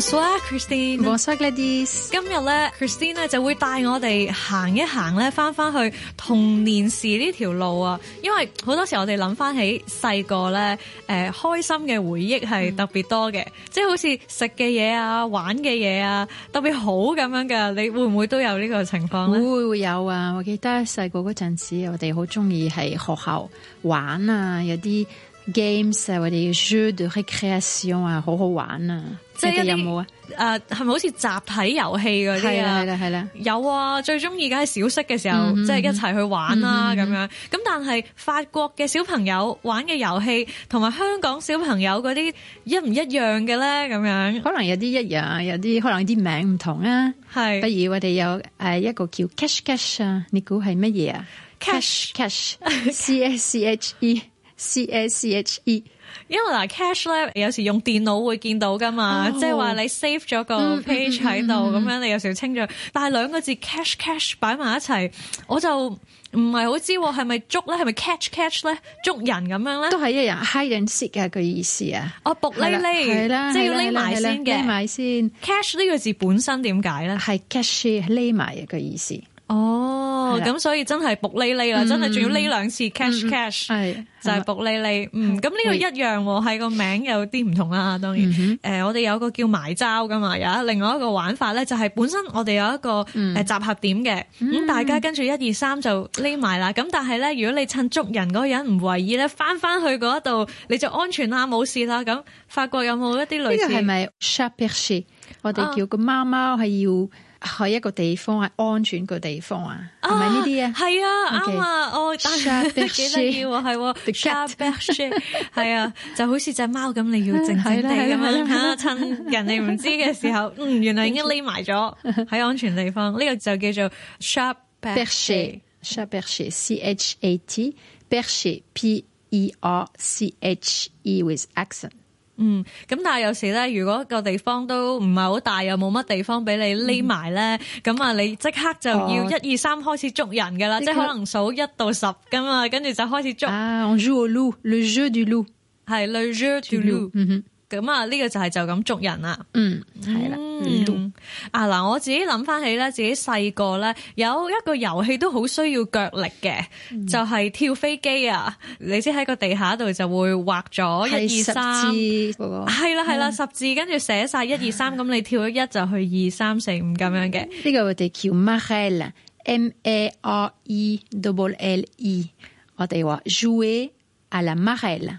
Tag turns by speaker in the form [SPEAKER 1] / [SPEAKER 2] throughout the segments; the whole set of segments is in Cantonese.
[SPEAKER 1] Hello，Christine。我係 Gladys。今日咧，Christine 咧就會帶我哋行一行咧，翻翻去童年時呢條路啊。因為好多時我哋諗翻起細個咧，誒、呃、開心嘅回憶係特別多嘅，嗯、即係好似食嘅嘢啊、玩嘅嘢啊，特別好咁樣噶。你會唔會都有呢個情
[SPEAKER 2] 況咧？
[SPEAKER 3] 會會有啊！我記得細個嗰陣時，我哋好中意喺學校玩啊，有啲。games 啊，我哋嘅 jeux de recreation 啊，好好玩啊！即係有冇啊？
[SPEAKER 1] 誒、呃，係咪好似集體遊戲嗰啲啊？係啦，係啦，有啊！最中意嘅係小息嘅時候，即係、mm hmm. 一齊去玩啦、啊、咁、mm hmm. 樣。咁但係法國嘅小朋友玩嘅遊戲，同埋香港小朋友嗰啲一唔一樣嘅咧？咁
[SPEAKER 3] 樣可能有啲一樣，有啲可能啲名唔同啊。係是，不如我哋有誒一個叫 cash cash 啊，你估係乜嘢啊？cash cash C S C H E
[SPEAKER 1] S c S C H E，因為嗱 cash 咧，有時用電腦會見到噶嘛，即係話你 save 咗個 page 喺度，咁、嗯嗯嗯、樣你有時要清咗，但係兩個字 ash, cash cash 擺埋一齊，我就唔係好知係咪捉咧，係咪 catch catch 咧捉
[SPEAKER 3] 人咁樣咧？都係一人 h i g h a n s, k 嘅、啊那個意思啊！我 b o o 呢呢，勒勒即係要匿埋先嘅，匿埋先。cash 呢個字本身點解咧？係 c a s h 匿埋嘅意思。
[SPEAKER 2] 哦，
[SPEAKER 1] 咁所以真係僕哩哩啦，真係仲要呢兩次 cash cash，係就係僕哩哩。嗯，咁呢個一樣喎，係個名有啲唔同啦，當然，誒，我哋有個叫埋招噶嘛，有另外一個玩法咧，就係本身我哋有一個誒集合點嘅，咁大家跟住一二三就匿埋啦，咁但係咧，如果你趁捉人嗰個人唔為意咧，翻翻去嗰度你就安全啦，冇事啦，咁法國有冇一啲類
[SPEAKER 3] 似？我哋叫個貓貓係要去一個地方，係安全個地方啊，係咪呢啲
[SPEAKER 1] 啊？係啊 Okay.、哦，啱啊，我、er、 記得要係，係啊，就好似隻貓咁，你要靜靜地咁樣嚇，趁、 啊啊啊、人哋唔知嘅時候，
[SPEAKER 3] 嗯，原來已經匿埋咗喺安全地方。呢、這個就叫做、chat perché、chat perché,、er、c h a t, perché, p e r c h e, with accent
[SPEAKER 1] 嗯，咁但係有時咧，如果個地方都唔係好大，又冇乜地方俾你匿埋咧，咁啊，你即刻就要一二三開始捉人㗎喇，即係可能數一到十㗎嘛，跟住就開始捉啊。咁啊，呢、這個就係就咁捉人啦、嗯。嗯，係啦。啊嗱，我自己諗翻起咧，自己細個咧有一個遊戲都好需要腳力嘅，嗯、就係跳飛機啊！你知喺個地下度就會畫咗一二三嗰係啦係啦十字，跟住寫
[SPEAKER 3] 晒一二三，咁你跳咗一就去二三四
[SPEAKER 1] 五咁樣嘅。
[SPEAKER 3] 呢個我哋叫 Marelle，M-A-R-E-double-L-E。A r e L L e, 我哋話 jouer à la Marelle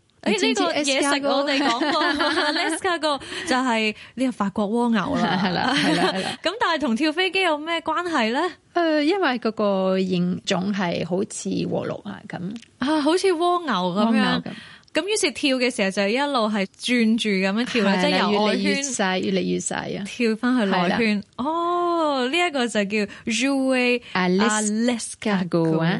[SPEAKER 3] 誒，呢個嘢食我哋講過，l'escargot 就係呢個法國蝸牛啦，係啦，係啦，
[SPEAKER 1] 咁但係同跳飛機有咩關
[SPEAKER 3] 係咧？誒，因為嗰個形種係好似和牛啊，咁啊，好似蝸牛咁樣，咁於是跳嘅時候就一路係
[SPEAKER 1] 轉住咁樣跳啦，即係由越嚟越細，
[SPEAKER 3] 越嚟越細啊，跳翻去內圈。哦，呢一個就叫 Jouer à l'escargot 啊。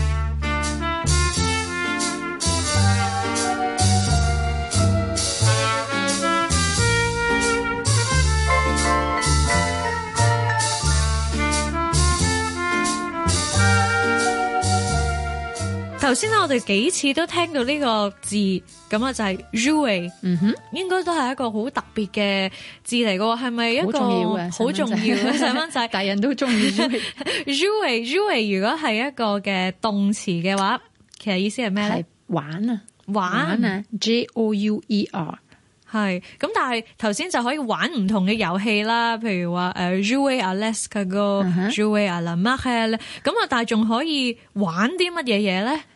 [SPEAKER 1] 首先咧，我哋幾次都聽到呢個字，咁啊就係、是、Jouer，、er, 嗯、哼應該應該都係一個好特別嘅字嚟噶喎，係咪一個好重要細蚊仔？大 人都中意 j o u e、er、y j e、er, er, 如果係一個嘅動詞嘅話，其實意思係咩咧？
[SPEAKER 3] 玩啊，玩，玩啊，j o u e r，
[SPEAKER 1] 係咁。但係頭先就可以玩唔同嘅遊戲啦，譬如話誒 Jouer、er、Alaska 嘅 Jouer 阿拉馬克咧，咁啊、uh，huh. 但仲可以玩啲乜嘢嘢咧？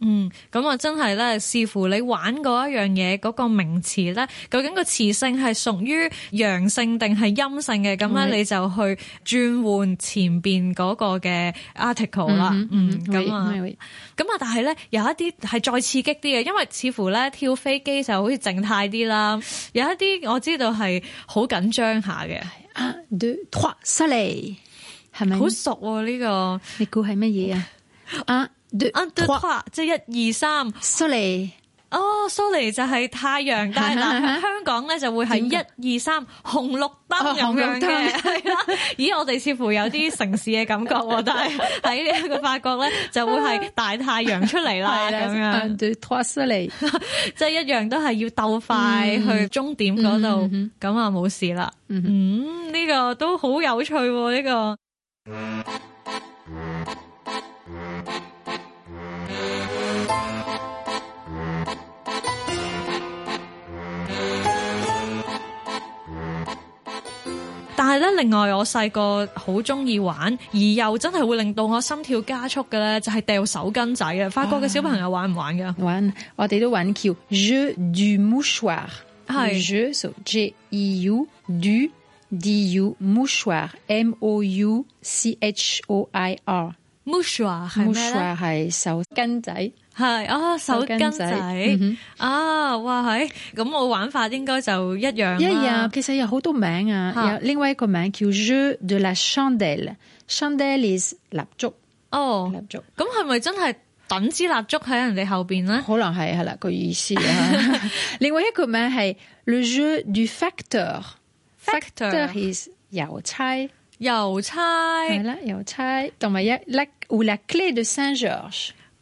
[SPEAKER 3] 嗯，咁我真係咧，視乎你玩過一樣嘢
[SPEAKER 1] 嗰個名詞咧，究竟個詞性係屬於陽性定係陰性嘅，咁呢的，你就去轉換前邊嗰個嘅 article 啦，嗯，嗯，嗯，咁啊，咁啊，但係咧有一啲係再刺激啲嘅，因為似乎咧跳飛機就好似靜態啲啦，有一啲我知道係好緊張下嘅，
[SPEAKER 3] 1, 2, 3, 啊，sorry，係咪？好熟呢個，你估係乜嘢啊？啊？ 啊 d 即係一二三，soleil，哦，soleil，就係
[SPEAKER 1] 太陽，但係喺香港咧就會係一二三紅綠燈咁樣嘅，係啦，咦，我哋似乎有啲城市嘅感覺，但係喺呢一個法國咧就會係大太陽出嚟啦，咁樣 soleil，即係一樣都係要鬥快去終點嗰度，咁啊冇事啦，嗯，呢個都好有趣呢個。咧，另外我細個好中意玩，而又真係會令到我心跳加速嘅咧，就係
[SPEAKER 3] 掉手巾仔嘅。法國嘅小朋友玩唔玩噶？玩，我哋都玩。Q，Jeu du mouchoir，哎，je so，jeu du du mouchoir，mouchoir，mouchoir 係手巾仔。係啊，手巾仔
[SPEAKER 1] 啊，哇係！咁我玩法應該就一樣。一樣，
[SPEAKER 3] 其實有好多名啊。有另外一個名叫 Jeu de la Chandelle，Chandelle is 蠟燭。哦，蠟燭。咁
[SPEAKER 1] 係咪真係等支蠟燭喺人哋後邊咧？可能係係啦個意思啊。
[SPEAKER 3] 另外一個名係 Le Jeu du Facteur，Factor is 郵差，郵差。係啦，郵差。同埋有 La ou la Clé de Saint Georges。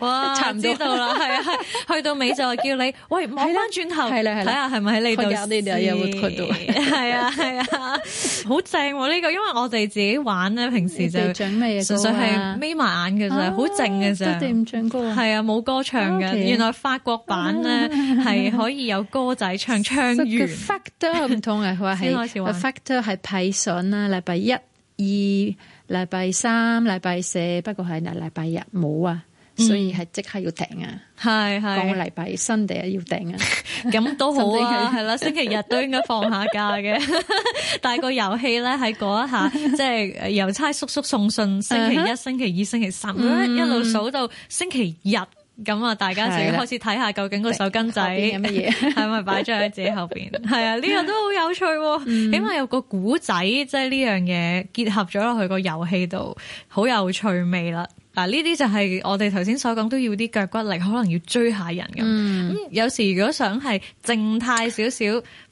[SPEAKER 3] 哇！查唔知道啦，係啊，
[SPEAKER 1] 去到尾就叫你喂，望翻轉頭睇下係咪喺呢度有啲嘢會喺度，係啊係啊，好正呢個，因為我哋自己玩咧，平時就純粹係眯埋眼嘅，就好靜嘅，歌。係啊冇歌唱嘅。原來法國版咧係可以有歌仔唱，唱完
[SPEAKER 3] factor 唔同啊。佢話係 factor 係派信啦，禮拜一、二、禮拜三、禮拜四，不過係禮拜日冇啊。所以係即刻要頂啊！係係、嗯、個禮拜新地要頂啊！咁都好啊，係
[SPEAKER 1] 啦， 星期日都應該放下假嘅。 但個遊戲咧喺嗰一下，即係郵差叔叔送信，星期一、uh huh。星期二、星期三，um，一路數到星期日，咁啊，大家就要開始睇下究竟個手巾仔係咪擺咗喺自己後面。係啊，呢樣都好有趣，um，起碼有個古仔，即係呢樣嘢結合咗落去個遊戲度，好有趣味啦。嗱，呢啲就係我哋頭先所講都要啲腳骨力，可能要追下人咁、嗯嗯。有時如果想係靜態少少，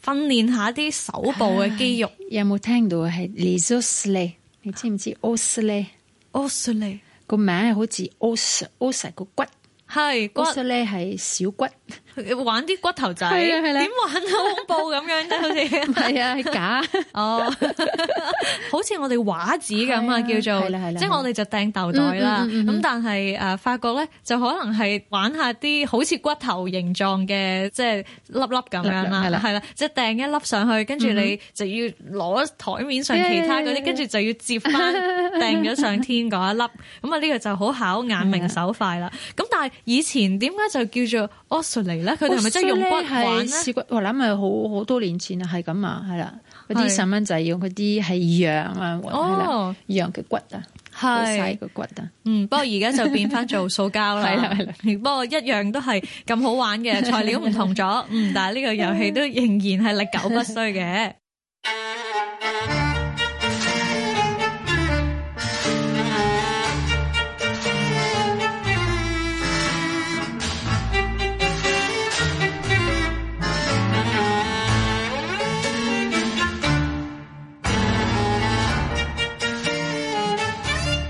[SPEAKER 1] 訓練下啲
[SPEAKER 3] 手部嘅肌肉，有冇聽到係 osselet 你知唔知 osselet？osselet 個名係好似 os os 個骨係骨 osselet 係小骨。
[SPEAKER 1] 玩啲骨頭仔，點玩？好恐怖咁樣啫，好似係啊係假哦，好似我哋畫紙咁啊，叫做即係我哋就掟豆袋啦，咁但係誒發覺咧，就可能係玩下啲好似骨頭形狀嘅即係粒粒咁樣啦，係啦，即係掟一粒上去，跟住你就要攞台面上其他嗰啲，跟住就要接翻掟咗上天嗰一粒，咁啊呢個就好考眼明手快啦。咁但係以前點解就叫做
[SPEAKER 3] o sir 嚟？佢係咪真用骨玩咧？我諗係好好多年前啦，係咁啊，係啦，嗰啲細蚊仔用嗰啲係羊啊，係羊嘅骨啊，係個骨啊，嗯，不過而
[SPEAKER 1] 家就變翻做塑膠啦，係啦係啦，不過一樣都係咁好玩嘅，材料唔同咗，嗯， 但係呢個遊戲都仍然係歷久不衰嘅。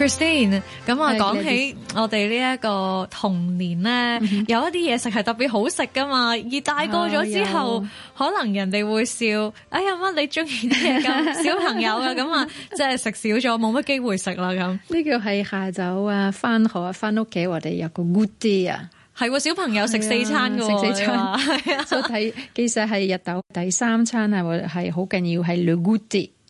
[SPEAKER 1] Christine，咁啊，講起我哋呢一個童年咧，嗯、哼有一啲嘢食係特別好食噶嘛，而大個咗之後，哦、可能人哋會笑，哎呀，乜你中意啲咁，小朋友噶咁啊，即係食少咗，冇乜機會食啦咁。
[SPEAKER 3] 呢叫係下晝啊，翻學啊翻屋企，我哋有個 good day 啊，係，小朋友食四餐噶，食四餐，所以睇其實係日頭第三餐係係好緊要，係兩 good day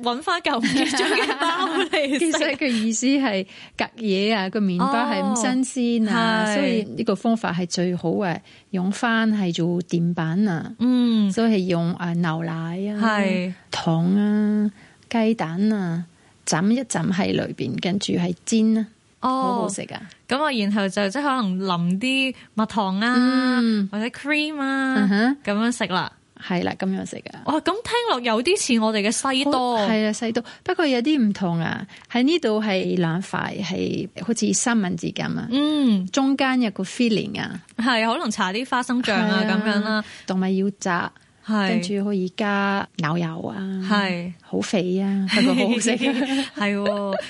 [SPEAKER 1] 搵翻舊年嘅包嚟 其實佢
[SPEAKER 3] 意思係隔夜啊，個麵包係唔新鮮啊，鮮啊哦、所以呢個方法係最好啊，用翻係做電板啊，嗯，所以係用啊、呃、牛奶啊、是糖啊、雞蛋啊，浸一浸喺裏邊，跟住係煎啦，哦、好好食噶。
[SPEAKER 1] 咁我然後就即係可能淋啲蜜糖啊，嗯、或者 cream 啊，咁、嗯、哼樣食啦。係啦，咁樣食噶。哇、哦，咁聽落
[SPEAKER 3] 有啲似我哋嘅西多。係啊，西多，不過有啲唔同啊。喺呢度係兩塊，係好似三文治咁啊。嗯，中間有個 feeling 啊，
[SPEAKER 1] 係啊，可能搽啲花生醬啊，咁的樣啦、
[SPEAKER 3] 啊，同埋要炸。跟住可以加牛油啊，係好肥
[SPEAKER 1] 啊，係咪好好食？係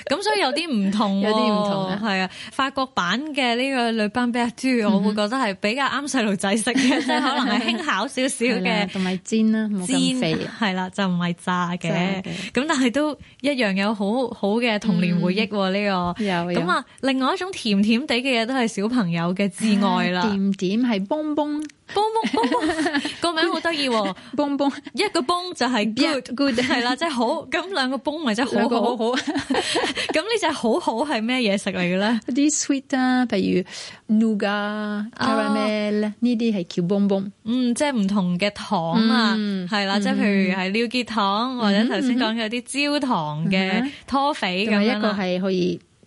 [SPEAKER 1] 咁，所以有啲唔同，有啲唔同啦，係啊，法國版嘅呢個女班啤我會覺得係比較啱細路仔食嘅，即係可能係輕巧少少嘅，同埋煎啦，煎係啦，就唔係炸嘅，咁但係都一樣有好好嘅童年回憶呢個，有咁啊，另外一種甜甜地嘅嘢都係小朋友嘅至愛啦，甜點
[SPEAKER 3] 係嘣嘣。
[SPEAKER 1] 嘣嘣嘣嘣，個名好得意喎！嘣嘣，一個嘣就係 good good，係啦，即係好。咁兩個嘣咪即係好好，好好。
[SPEAKER 3] 咁呢隻好好係咩嘢食嚟嘅咧？啲 sweet 啊，譬如 nougat、caramel 呢啲係叫嘣嘣，嗯，即係唔同嘅糖啊，係啦，即係譬如係鳥結糖，或者頭先講嘅啲焦糖嘅拖肥咁一個係可以。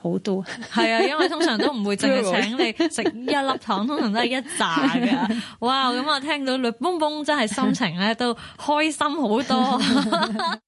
[SPEAKER 3] 好很多係 啊，因為通常都唔會淨係請你
[SPEAKER 1] 食一粒糖，通常都係一紮㗎。哇！咁我聽到律嘣嘣， 鵬鵬真係心情呢都開心好多。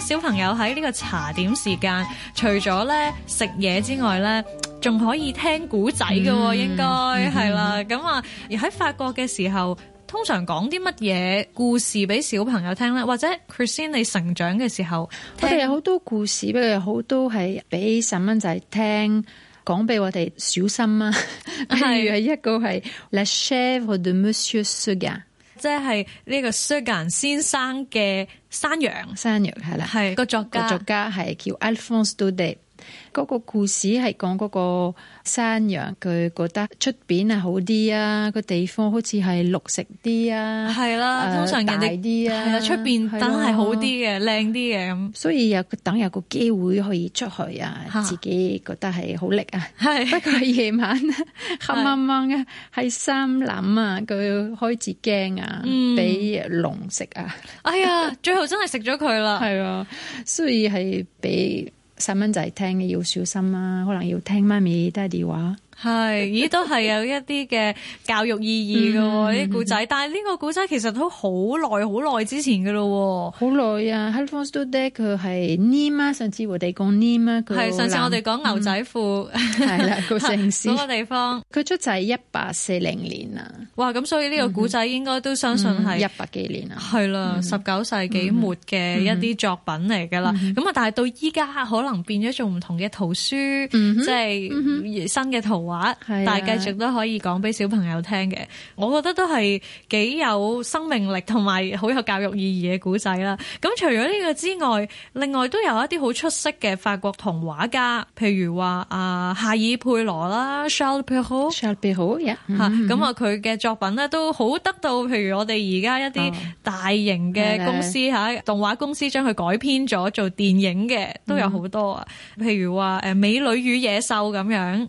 [SPEAKER 1] 小朋友喺呢個茶點時間，除咗咧食嘢之外咧，仲可以聽古仔噶，應該係啦。咁、hmm. 啊，而喺法國嘅時候，通常講啲乜嘢故事俾小朋友聽咧？或者 Christine，你
[SPEAKER 3] 成長嘅時候，我哋有好多故事，不過好多係俾細蚊仔聽，講俾我哋小心啊。譬 如係一個係 La Chèvre de Monsieur Seguin 即係呢個 Seguin 先生嘅山羊，山羊係啦，係個是作家，個作家係叫 Alphonse Daudet 嗰個故事係講嗰個山羊，佢覺得出邊係好啲啊，個地方好似係綠色啲啊，係啦，通常人哋係啦，出邊等係好啲嘅，靚啲嘅咁。所以有等有個機會可以出去啊，自己覺得係好叻啊。係是不過夜晚黑掹掹啊，係心諗啊，佢是開始驚啊，俾龍食啊。
[SPEAKER 1] 哎呀，最後真係食咗佢啦。係
[SPEAKER 3] 啊，所以係俾。細蚊仔聽嘅要小心啊，可能要聽媽咪、爹哋話。
[SPEAKER 1] 係，咦都係有一啲嘅教育意義喎。
[SPEAKER 3] 呢啲古仔，但係呢個古仔其實都好耐好耐之前嘅咯。好耐啊 Helvindudde 佢係尼馬，上次我哋講尼馬。係，上次我哋
[SPEAKER 1] 講牛仔褲。係
[SPEAKER 3] 啦，個城市，嗰個地方。佢出世一八四零年啊。
[SPEAKER 1] 哇，咁所以呢個古仔應該都相信係一百幾年啦。係啦，十九世紀末嘅一啲作品嚟噶啦。咁啊，但係到依家可能變咗做唔同嘅圖書，即係新嘅圖。話，但係繼續都可以講俾小朋友聽嘅，我覺得都係幾有生命力同埋好有教育意義嘅古仔啦。咁除咗呢個之外，另外都有一啲好出色嘅法國童話家，譬如話阿夏爾佩羅啦，s 夏爾佩好，夏爾佩好，吓咁、yeah. mm hmm. 啊，佢嘅作品咧都好得到，譬如我哋而家一啲大型嘅公司吓、oh. 動畫公司將佢改編咗做電影嘅都有好多啊，mm. 譬如話誒美女與野獸咁樣。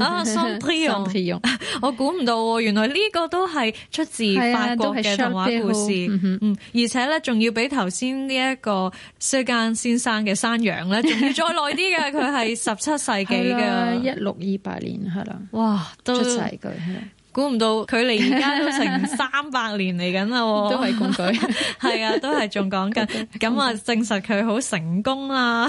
[SPEAKER 1] 啊，ah, 我估唔到，原來呢個都係出自法國嘅童話故事， 嗯哼，而且咧仲要比頭先呢一個蘇干先生嘅山羊咧，仲要再耐啲嘅，佢係十七世紀嘅，一六二八年係啦，對哇，都，估唔到，佢離而家都成三百年嚟緊啦，都係古句，係啊，都係仲講緊，咁 啊，證實佢好成功啦。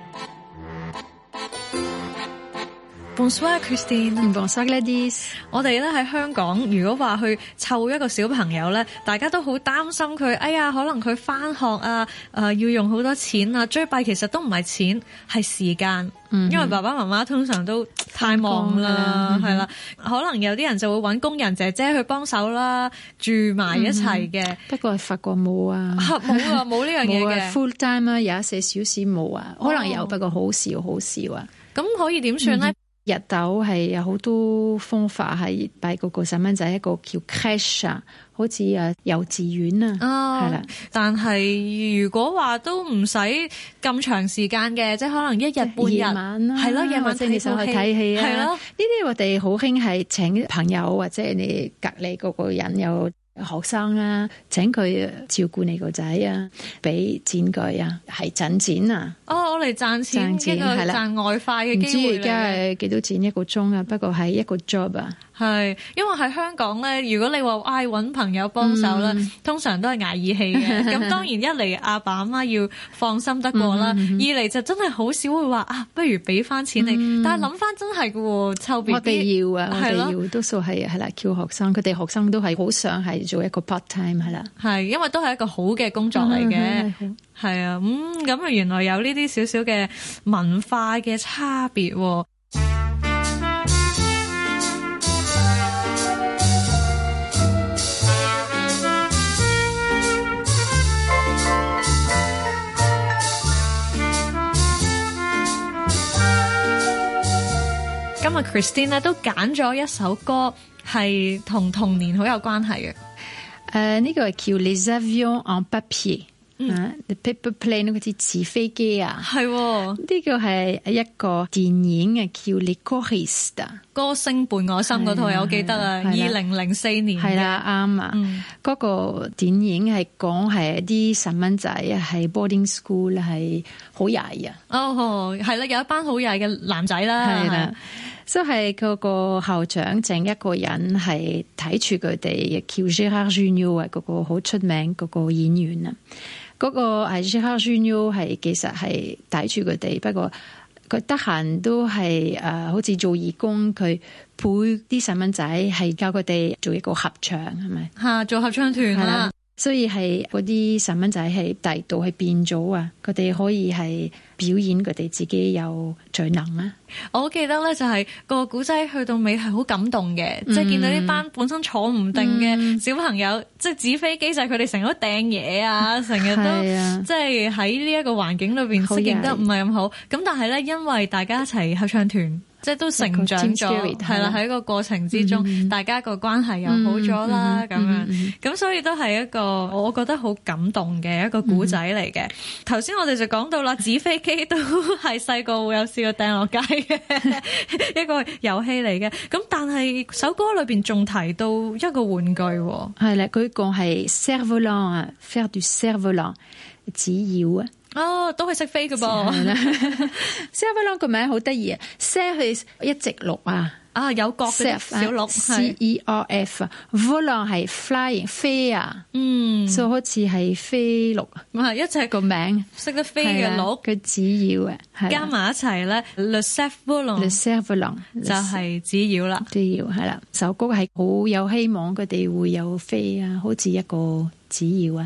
[SPEAKER 1] 我哋咧喺香港，如果話去湊一個小朋友咧，大家都好擔心佢。哎呀，可能佢翻學啊，誒、呃、要用好多錢啊，最弊其實都唔係錢，係時間。Mm hmm. 因為爸爸媽媽通常都太忙啦，係啦、mm hmm. 可能有啲人就會揾工人姐姐去幫手啦，
[SPEAKER 3] 住埋一齊嘅。Mm hmm. 不過係法國冇啊，冇啊冇呢樣嘢嘅。full time 啊，有廿四小時冇啊，可能有，不過、oh. 好少好少啊。咁可以點算咧？Mm hmm. 日頭係有好多方法係擺個個細蚊仔一個叫 cash 啊，好似啊幼稚園啊，係啦、哦。
[SPEAKER 1] 的但係如果話都唔使咁長時間嘅，即係可能一日半日日半日，係咯，夜晚先至想去睇戲啊，係咯
[SPEAKER 3] 呢啲我哋好興係請朋友或者你隔籬嗰個人有。學生啊，請佢照顧你個仔啊，俾錢佢啊，係賺錢啊。
[SPEAKER 1] 哦，我嚟賺錢，呢個賺外快嘅機會嚟嘅。唔知而家係
[SPEAKER 3] 幾多錢一個鐘啊？不過係一個 job 啊。
[SPEAKER 1] 係，因為喺香港咧，如果你話嗌搵朋友幫手啦，mm hmm. 通常都係捱耳氣嘅。咁 當然一嚟阿爸阿媽要放心得過啦，mm hmm. 二嚟就真係好少會話啊，不如俾翻錢你。Mm hmm.
[SPEAKER 3] 但係諗翻真係嘅喎，別我哋要啊，哋要。係啊、多數係係啦，Q 學生佢哋學生都係好想係做一個 part time 係啦、啊，係因為都係一個好嘅工作嚟嘅，係、
[SPEAKER 1] mm hmm. 啊，咁咁啊，原來有呢啲少少嘅文化嘅差別喎、啊。因為 Christine 咧都揀咗一首歌係同童年好有關係
[SPEAKER 3] 嘅，誒呢、呃這個係叫 papier,、嗯《Les Avions en papier》The Paper Plane》嗰啲紙飛機啊，係呢、哦、個係一個電影啊，叫《Les Choristes 歌聲伴我心嗰套，啊、我記得啊，二零零四年嘅啱啊，嗰個電影係講係啲細蚊仔喺 boarding school 咧係好曳啊，哦
[SPEAKER 1] 係啦，有一班好曳嘅男仔啦，係啦、
[SPEAKER 3] 啊。即係嗰個校長正一個人係睇住佢哋，亦叫 Shakiru 係嗰個好出名嗰個演員啊。嗰、那個係 Shakiru 係其實係睇住佢哋，不過佢得閒都係誒、呃，好似做義工，佢陪啲細蚊仔係教佢哋做一個合唱，係咪吓做合唱團係啦。是所以係嗰啲細蚊仔係第度，係變咗啊！佢哋可以係表演佢哋自己有才能啊！
[SPEAKER 1] 我記得咧就係個古仔去到尾係好感動嘅，嗯、即係見到呢班本身坐唔定嘅小朋友，嗯、即係紙飛機就係佢哋成日都掟嘢啊，成日都即係喺呢一個環境裏邊適應得唔係咁好。咁但係咧，因為大家一齊合唱團。即係都成長咗，係啦，喺個過程之中，大家個關係又好咗啦，咁樣咁所以都係一個我覺得好感動嘅一個故仔嚟嘅。頭先我哋就講到啦，紙飛機都係細個會有試過掟落街嘅一個遊戲嚟嘅。咁但係首歌裏邊仲提到一個玩具喎，
[SPEAKER 3] 係啦，佢個係 servant 啊，fais du servant，只要啊。哦，都係識飛嘅噃，Cerf-volant 個名好得意啊！Cerf 係一隻鹿啊，啊有角嘅小鹿，C E R F，volant 係 flying 飛啊，嗯，就好似係飛鹿，唔係一齊個名，識得飛嘅鹿佢紙鷂嘅，加埋一齊咧 Cerf-volant，Cerf-volant 就係紙鷂啦，紙鷂係啦，首歌係好有希望佢哋會有飛啊，好似一個紙鷂啊。